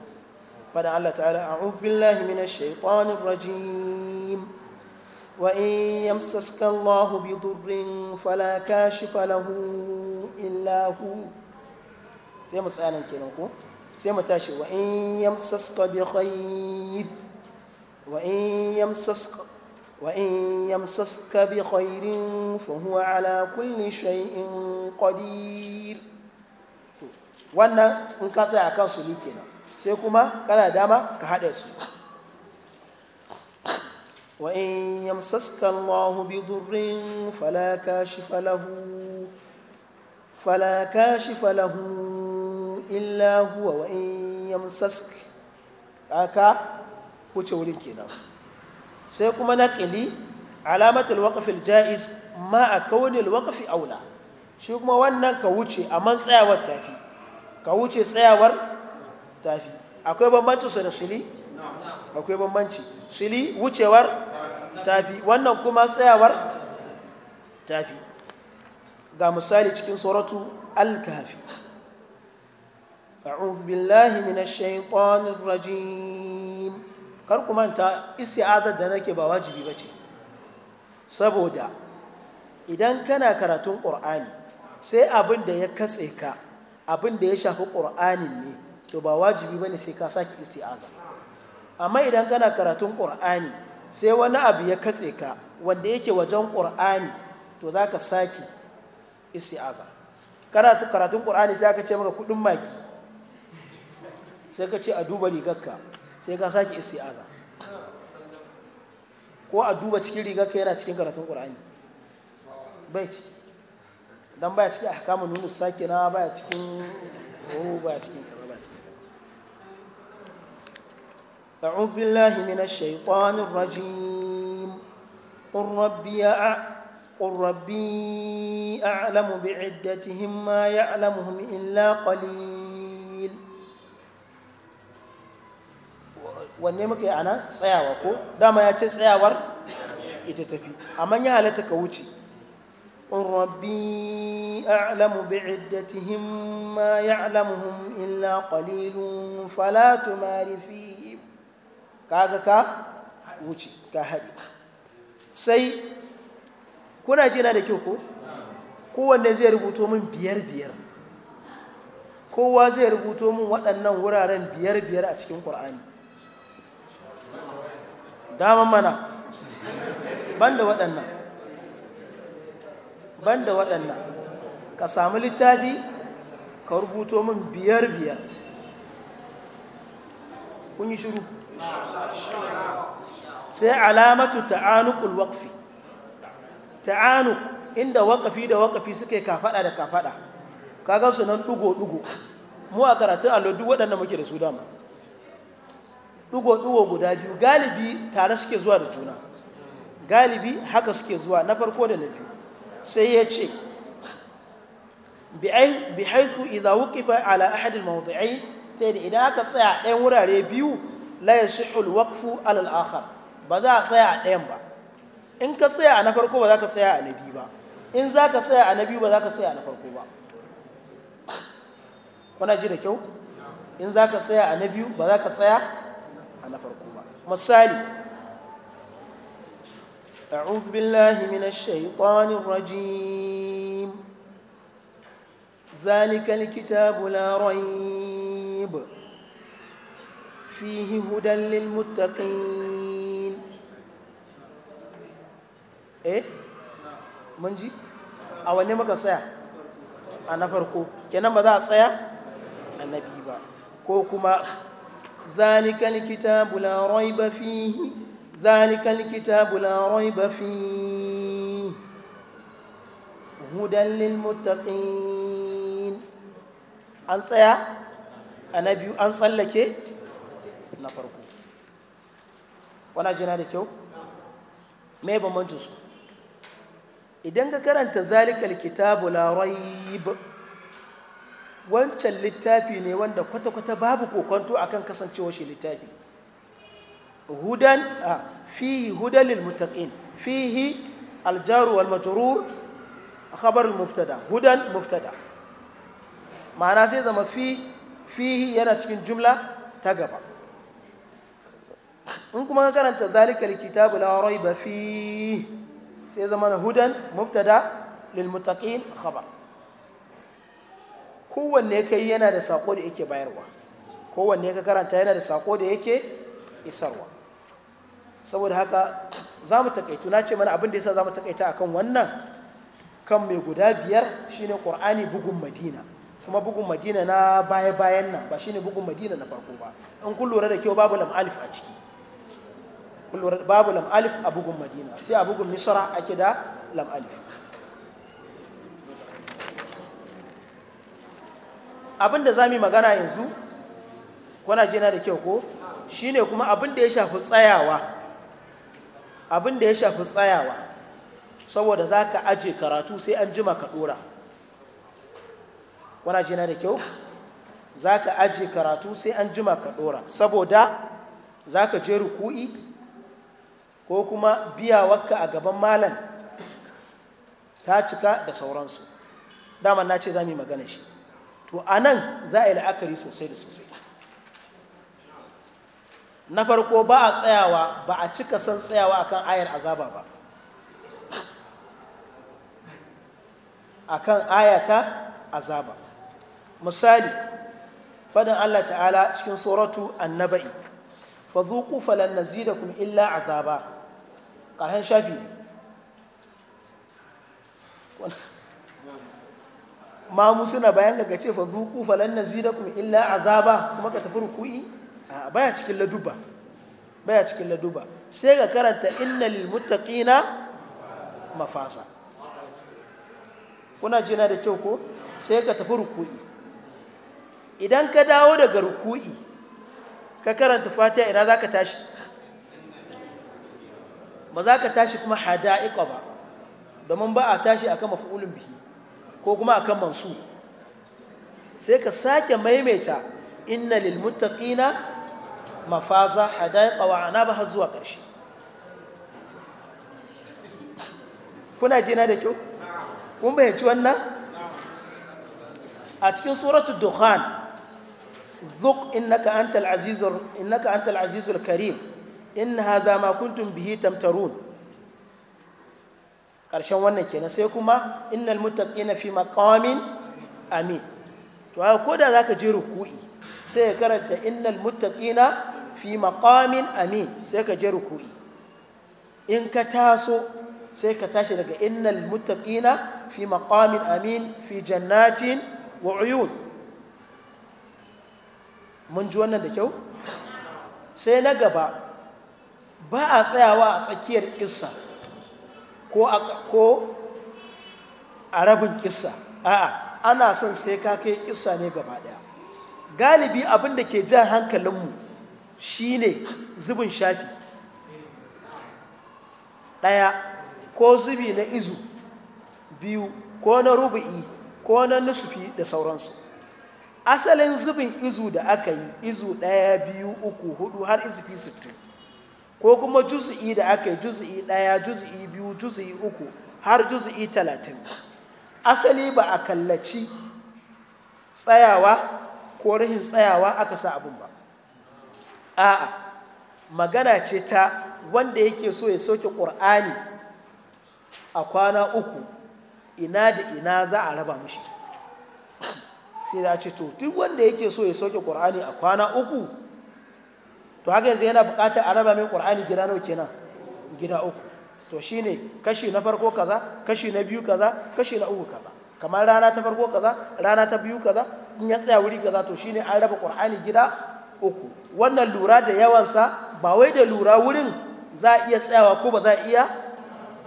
fadan Allah ta'ala a billahi minash shaitanir rajim wa in yamsaska Allahu bi durin fala kashifa falahu illahu sai mu tsaya kenan ku sai mu tashi wa in yamsaska bi khair wa in yamsaska وإن يمسسك بخير فهو على كل شيء قدير wannan in ka tsaya kan su sai kuma kana dama ka haɗa su wa in yamsaska Allah bi durrin fala kashifa lahu fala huwa wurin sai kuma na naqili alamatul waqfil Ja'is, ma a kaunil waqfi aula shi kuma wannan ka wuce a man tsayawar tafi ka wuce tsayawar tafi akwai bambanci su da sili akwai bambanci sili wucewar tafi wannan kuma tsayawar tafi ga misali cikin suratu al-kahfi biLlahi بالله من الشيطان الرجيم kar ku manta da nake ba wajibi ba ce, saboda idan kana karatun qur'ani sai abin da ya katse ka abin da ya shafi qur'anin ne to ba wajibi ba ne sai ka saki isti'aza amma idan kana karatun qur'ani sai wani abu ya katse ka wanda yake wajen qur'ani to za ka sake isti'aza karatu karatun ƙur'ani sai aka ce maka kuɗin maki sai ka ce a duba rigarka sai ka sake isti'aza ko a duba cikin riga ka yana cikin karatun qur'ani bai ci dan baya cikin ahkamun nunu na baya cikin ruhu oh, baya cikin kaza baya cikin أعوذ بالله من الشيطان الرجيم قل ربي قل ربي أعلم بعدتهم ما يعلمهم إلا قليل wanne muka yi ana tsayawa ko dama ya ce tsayawar ita tafi amma ya halatta ka wuce in rabbi a'lamu bi'iddatihim ma ya'lamuhum illa qalilun fala tumari kaga ka wuce ka haɗe sai kuna ji na da kyau ko kowanne zai rubuto min biyar biyar kowa zai rubuto min waɗannan wuraren biyar biyar a cikin ƙur'ani daman mana banda waɗannan banda waɗannan ka samu littafi ka rubuto min biyar biyar kun yi shiru sai alamatu ta'anukul waqfi ta'anuk inda waƙafi da waqafi suke kafaɗa da kafada kaga su nan dugo dugo mu a karatun allo duk waɗanda muke da su dama ɗigo-ɗigo guda biyu galibi tare suke zuwa da juna galibi haka suke zuwa na farko da na biyu sai ya ce bi haisu idza wuqifa ala ahadin al mawdi'ain sai da idan aka tsaya ɗayan wurare biyu la yasihhu al waqfu akhar ba za a tsaya a ɗayan ba in ka tsaya a na farko ba za ka tsaya a na biyu ba in za ka tsaya a na biyu ba za ka tsaya a na farko ba kuna ji da kyau in za ka tsaya a na biyu ba za ka tsaya na farko ba misali أعوذ بالله من الشيطان الرجيم ذلك الكتاب لا ريب فيه هدى للمتقين إيه farko kenan ba tsaya ba ko kuma ذلك الكتاب لا ريب فيه ذلك الكتاب لا ريب فيه هدى للمتقين an tsaya a na biyu an tsallake na farko wana jina da kyau mai bambancin su idan ka karanta wancan littafi ne wanda kwata-kwata babu kokonto akan kasancewar shi littafi hudan a fihi hudan lil muttaqin fihi aljaru wal majrur muftada hudan muftada ma'ana sai zama fi fihi yana cikin jumla ta gaba in kuma karanta zalika likita la raiba fi sai zama hudan muftada lil muttaqin khabar kowanne ka yi yana da sako da yake bayarwa kowanne ka karanta yana da sako da yake isarwa saboda haka za mu takaitu na ce mana abin da yasa za mu takaita kan wannan kan mai guda biyar shine Kur'ani bugun madina kuma bugun madina na baya bayan nan ba shine bugun madina na farko ba in kun lura da kyau babu lam alif a ciki babu lam alif a bugun madina sai a bugun misra ake da lam alif abin da za mu magana yanzu kuna jina da kyau ko shi ne kuma abin da ya shafi tsayawa abinda ya shafi tsayawa saboda za ka aje karatu sai an jima ka dora kuna jina da kyau za ka aje karatu sai an jima ka dora saboda za ka je ruku'i ko kuma biyawarka a gaban malam ta cika da sauransu dama na ce za mu yi magana shi to a nan za a yi la'akari sosai da sosai na farko ba a tsayawa ba a cika san tsayawa akan ayar azaba ba akan ayata azaba misali fadin Allah ta'ala cikin suratu annaba'i fadhuqu falan kuma illa azaba ƙarshen shafi ne mamu suna bayan ka ce fa zuku falan nazidakum illa azaba kuma ka tafi ruku'i baya cikin laduba baya cikin laduba sai ka karanta inna lil muttaqina mafasa kuna jina da kyau ko sai ka tafi ruku'i idan ka dawo daga ruku'i ka karanta fatiha ina za ka tashi ba za ka tashi kuma hada'iqa ba domin ba a tashi akan maf'ulun bihi ko kuma akan mansu sai ka sake maimaita inna lil muttaqina mafaza hadaiqa wa anaba har zuwa ƙarshe kuna ji na da kyau kun bayyanci wannan a cikin suratul dukhan ذق إنك أنت العزيز إنك أنت العزيز الكريم إن هذا ما كنتم به تمترون ƙarshen wannan kenan sai kuma innal muttaqina fi maqamin amin to ai ko da zaka je ruku'i sai ka karanta innal muttaqina fi maqamin amin sai ka je ruku'i in ka taso sai ka tashi daga innal muttaqina fi maqamin amin fi jannatin wa uyun mun ji wannan da kyau sai na gaba ba a tsayawa a tsakiyar kissa ko a rabin kissa a'a ana son sai ka kai kissa ne gaba daya galibi abin da ke jan hankalinmu shine zubin shafi ɗaya ko zubi na izu biyu ko na rubu'i ko na nusufi da sauransu asalin zubin izu da aka yi izu ɗaya biyu uku hudu har izufi sittin ko kuma juz'i da aka yi juz'i ɗaya juz'i biyu juz'i uku har juz'i talatin asali ba a kallaci tsayawa ko rahin tsayawa aka sa abin ba a'a magana ce ta wanda yake so ya soke ƙur'ani a kwana uku ina da ina za a raba mishi sai da ce to duk wanda yake so ya soke ƙur'ani a kwana uku to haka yanzu yana buƙatar a raba mai ƙur'ani gida nawa kenan gida uku to shi ne kashi na farko kaza kashi na biyu kaza kashi na uku kaza kamar rana ta farko kaza rana ta biyu kaza in ya tsaya wuri kaza to shi ne an raba ƙur'ani gida uku wannan lura da yawansa ba wai da lura wurin za a iya tsayawa ko ba za a iya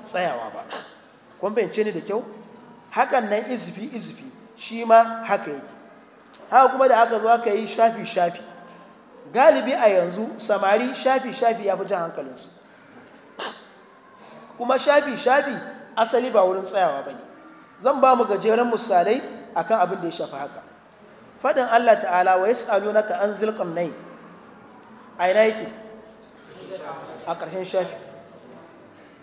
tsayawa ba kun bayance ne da kyau hakan nan izifi izifi shi ma haka yake haka kuma da aka zo aka yi shafi shafi galibi a yanzu samari shafi-shafi ya fi jan hankalinsu kuma shafi-shafi asali ba wurin tsayawa ba ne zan ba mu gajeren a kan abin da ya shafi haka faɗin allah ta'ala wa ya sa'alu na ka an zilkam nai a ina yake a ƙarshen shafi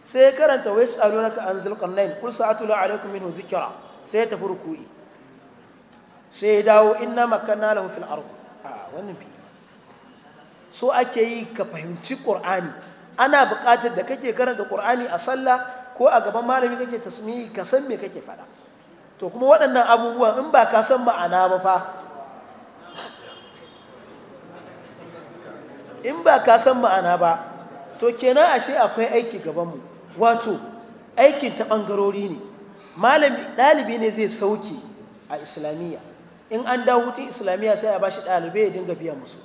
sai ya karanta wa ya sa'alu na ka an zilkam nai kul sa'atu la alaikum minhu zikira sai ya tafi ruku'i sai ya dawo inna makanna lahu fil a wannan bi so ake yi ka fahimci ƙur'ani ana buƙatar da kake karanta ƙur'ani a sallah ko a gaban malami kake tasmihi ka san me kake faɗa to kuma waɗannan abubuwan in ba ka san ma'ana ba fa in ba ka san ma'ana ba to kenan ashe akwai aiki gabanmu wato aikin ta bangarori ne malami ɗalibi ne zai sauke a islamiyya in an dawo hutun islamiyya sai a bashi ɗalibai ya dinga biya musu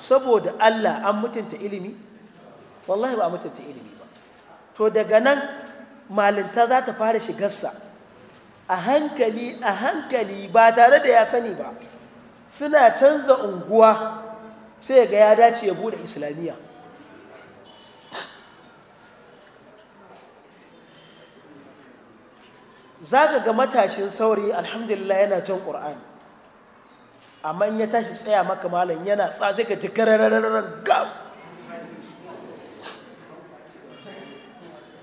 saboda Allah an mutunta ilimi wallahi ba a mutunta ilimi ba to daga nan malinta za ta fara shigarsa a hankali a hankali ba tare da ya sani ba suna canza unguwa sai ga ya dace ya bude islamiyya za ga matashin sauri, alhamdulillah yana jan ƙur'ani amma ya tashi tsaya maka malam yana tsa sai ka ji kararararren gam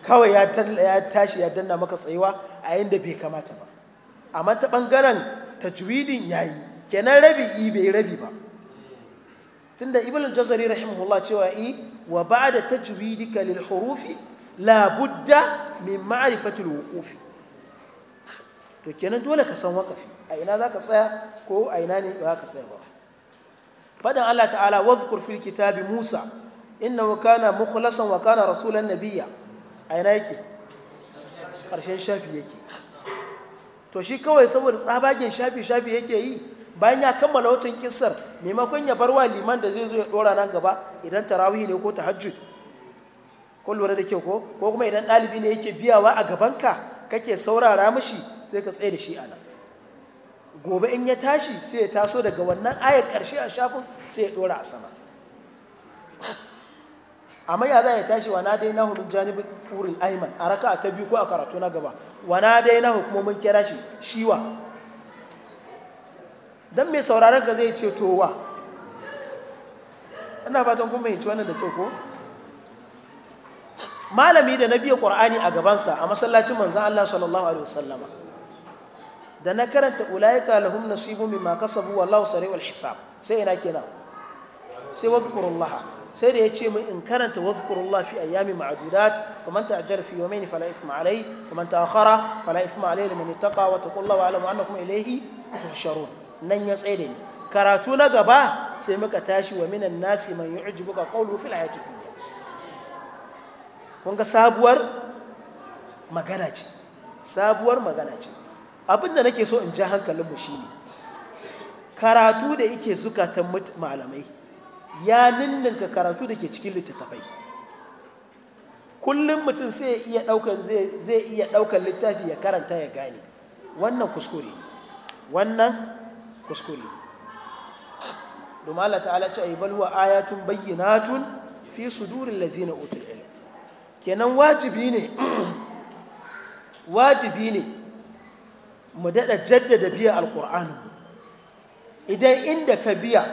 kawai ya tashi ya danna maka tsayuwa a yadda bai kamata ba amma ta ɓangaren tajwidin ya yi kenan rabi i bai rabi ba tunda ibn jazari rahimahullah cewa i wa ba da tajwidika lil hurufi labudda min ma'arifatul wuqufi to kenan dole ka san wakafi a ina za ka tsaya ko a ina ne ba ka tsaya ba faɗin Allah ta'ala zukur fil kitabi Musa wa kana mukhlasan wa kana rasulan nabiyya a ina yake ƙarshen shafi yake to shi kawai saboda tsabagen shafi shafi yake yi bayan ya kammala watan kissar maimakon ya bar wa liman da zai zo ya dora nan gaba idan tarawihi ne ko tahajjud ko lura da kyau ko ko kuma idan ɗalibi ne yake biyawa a gabanka kake saurara mashi sai ka tsaye da shi a nan gobe in ya tashi sai ya taso daga wannan ayar ƙarshe a shafin sai ya ɗora a sama amma ya za ya tashi wa na dai na hudun janibin turin aiman a raka ta biyu ko a karatu na gaba wa na dai na hukumomin kira shi shiwa don mai sauraron ka zai ce towa ina fatan kuma yanci wannan da ko malami da na biya ƙwar'ani a gabansa a masallacin manzan Allah sallallahu alaihi wasallama da na karanta ulaika lahum nasibu mimma kasabu wallahu sari'ul hisab sai ina kenan sai wadhkurullaha sai da yace ce min in karanta wadhkurullaha fi ayami ma'dudat wa man ta'ajjal fi yawmayn fala ithma alayhi wa man ta'akhkhara fala ithma alayhi liman ittaqa wa taqullaha wa alamu annakum ilayhi tuhsharun nan ya tsaye da ni karatu na gaba sai muka tashi wa minan nasi man yu'jibuka qawluhu fil hayati dunya kun ga sabuwar magana ce sabuwar magana ce abinda nake so in ji hankalinmu shi ne karatu da yake zukatan malamai ya ninninka karatu da ke cikin littattafai kullum mutum sai zai iya ɗaukan littafi ya karanta ya gane wannan kuskure wannan kuskure domin Allah ta'ala ce ai balwa ayatun bayyinatun fi sudurin lazina utul ilm kenan wajibi ne wajibi ne mu daɗa jaddada biya alƙur'ani idan inda ka biya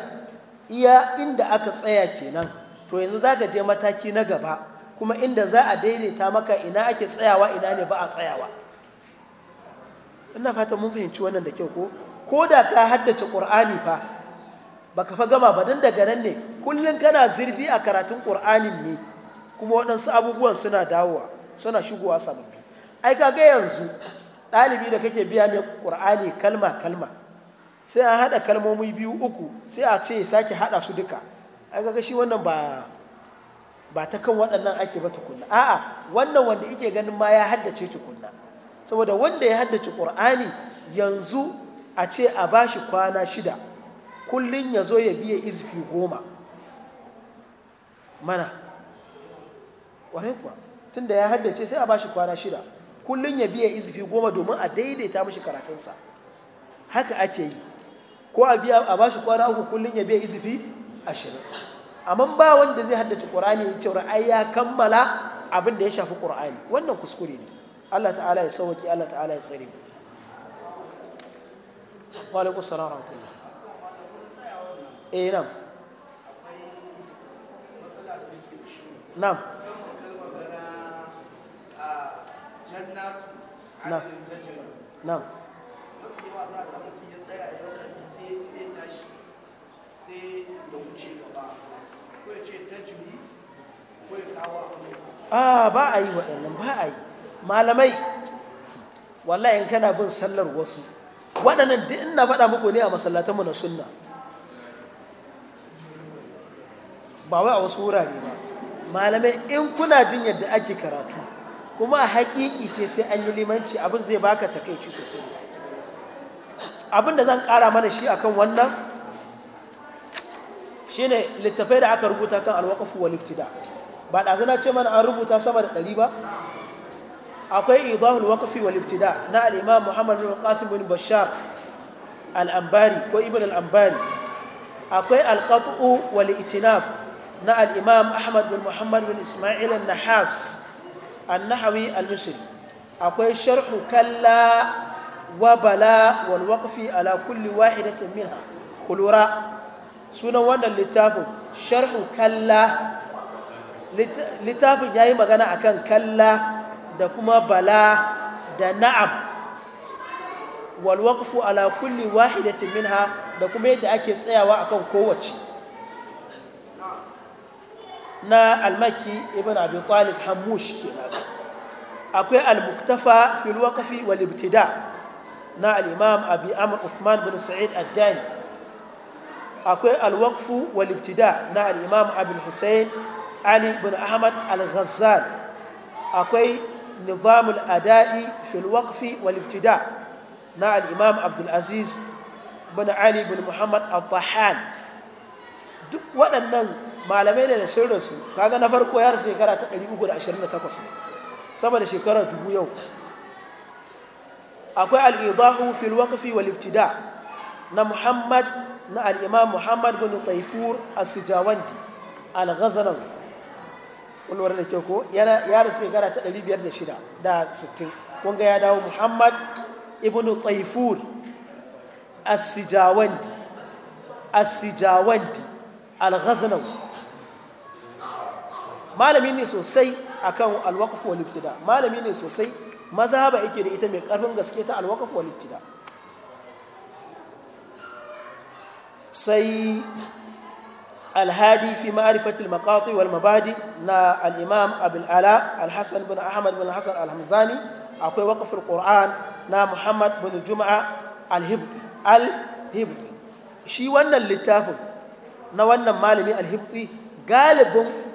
iya inda aka tsaya kenan to yanzu za ka je mataki na gaba kuma inda za a daidaita maka ina ake tsayawa ina ne ba a tsayawa ina fata mun fahimci wannan da kyau ko da ka haddace ƙur'ani fa baka fa gama ba don daga nan ne kullum kana zurfi a karatun ƙur'anin ne kuma waɗansu abubuwan suna dawowa suna shigowa sababbi ai kaga yanzu ɗalibi da kake biya mai ƙur'ani kalma kalma sai an haɗa kalmomi biyu uku sai a ce sake haɗa su duka an ga shi wannan ba ba ta kan waɗannan ake ba tukunna a'a wannan wanda yake ganin ma ya haddace tukunna saboda wanda ya haddace ƙur'ani yanzu a ce a ba shi kwana shida kullum ya zo ya biya izifi goma mana ƙwarai kuwa tunda ya haddace sai a ba shi kwana shida kullum ya biya izifi goma domin a daidaita mashi karatunsa haka ake yi ko a biya a bashi kwana uku kullum ya biya izifi ashirin amma ba wanda zai haddace ƙorani ya ce ai ya kammala abin da ya shafi ƙorani wannan kuskure ne Allah ta'ala ya sauwaƙi Allah ta'ala ya tsare jannatu a ba a yi waɗannan ba a yi malamai wallahi in kana bin sallar wasu waɗannan duk ina faɗa muku ne a masallatanmu na sunna ba wai a wasu wurare ba malamai in kuna jin yadda ake karatu kuma a hakiki ce sai an yi limanci abin zai baka takaici sosai da sosai abin da zan kara mana shi akan wannan shine littafai da aka rubuta kan alwakafu wal iftida ba da zana ce mana an rubuta sama da ɗari ba akwai idahul waqfi wal iftida na al-imam Muhammad bin Qasim bin Bashar al-Ambari ko Ibn al-Ambari akwai al-qat'u wal itinaf na al-imam Ahmad bin Muhammad bin Isma'il an-Nahas annahawi al-misri akwai sharhu kalla wa bala wal waqfi ala kulli wahidatin minha kulura sunan wannan littafin sharhu kalla littafin yayi magana akan kalla da kuma bala da na'am wal waqfu ala kulli wahidatin minha da kuma yadda ake tsayawa akan kowace na almaki ibn abi talib hamush kenan akwai al-muktafa fil waqfi wal ibtida na al-imam abi amr usman bin sa'id ad-dani akwai al-waqfu wal ibtida na al-imam abi husayn ali bin ahmad al-ghazzal akwai nizam al-ada'i fil waqfi wal ibtida na al-imam abdul aziz bin ali bin muhammad al-tahan duk waɗannan malamai ne da sun rasu kaga na farko ya rasu shekara ta 328 saboda shekara dubu yau akwai al'idahu fil waqfi wal ibtida na muhammad na al'imam muhammad bin taifur as-sijawandi al-ghazanawi wani da ke ko ya rasu shekara ta 506 da 60 kunga ya dawo muhammad ibn taifur as-sijawandi sijawandi al-ghazanawi malami ne sosai akan alwaqf wal ibtida malami ne sosai mazhaba yake da ita mai karfin gaske ta alwaqf wal ibtida sai alhadi fi ma'rifatil maqati wal mabadi na al-imam abul ala al-hasan bin ahmad bin hasan al-hamzani akwai waqful qur'an na muhammad bin juma'a al-hibti al-hibti shi wannan littafin na wannan malami al-hibti galibin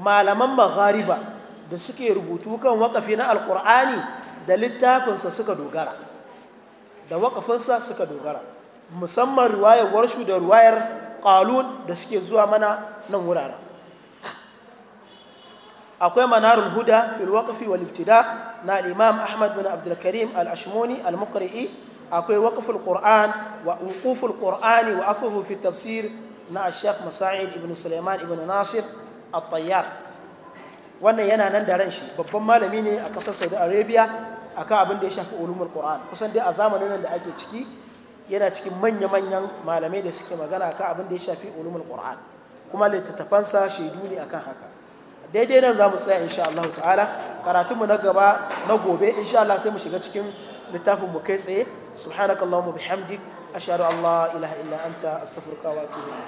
malaman maghariba da suke rubutu kan wakafi na alkur'ani da littafinsa suka dogara da wakafinsa suka dogara musamman ruwayar warshu da riwayar qalun da suke zuwa mana nan wurare. akwai manarul huda fil waqfi wa libtida na imam ahmad bin AbdulKarim al ashmuni al muqri'i akwai waqful qur'an wa wuquful wa afuhu fi tafsir na al Musa'id ibn suleiman ibn nasir al tayyar wannan yana nan da ran shi babban malami ne a kasar saudi arabia akan abin da ya shafi ulumul qur'an kusan dai a zamanin nan da ake ciki yana cikin manya-manyan malamai da suke magana akan abin da ya shafi ulumul qur'an kuma littattafansa shaidu ne akan haka daidai nan za mu tsaya insha Allah ta'ala karatunmu na gaba na gobe insha Allah sai mu shiga cikin littafin mu kai tsaye subhanakallahumma bihamdik ashhadu an la ilaha illa anta astaghfiruka wa atubu ilaik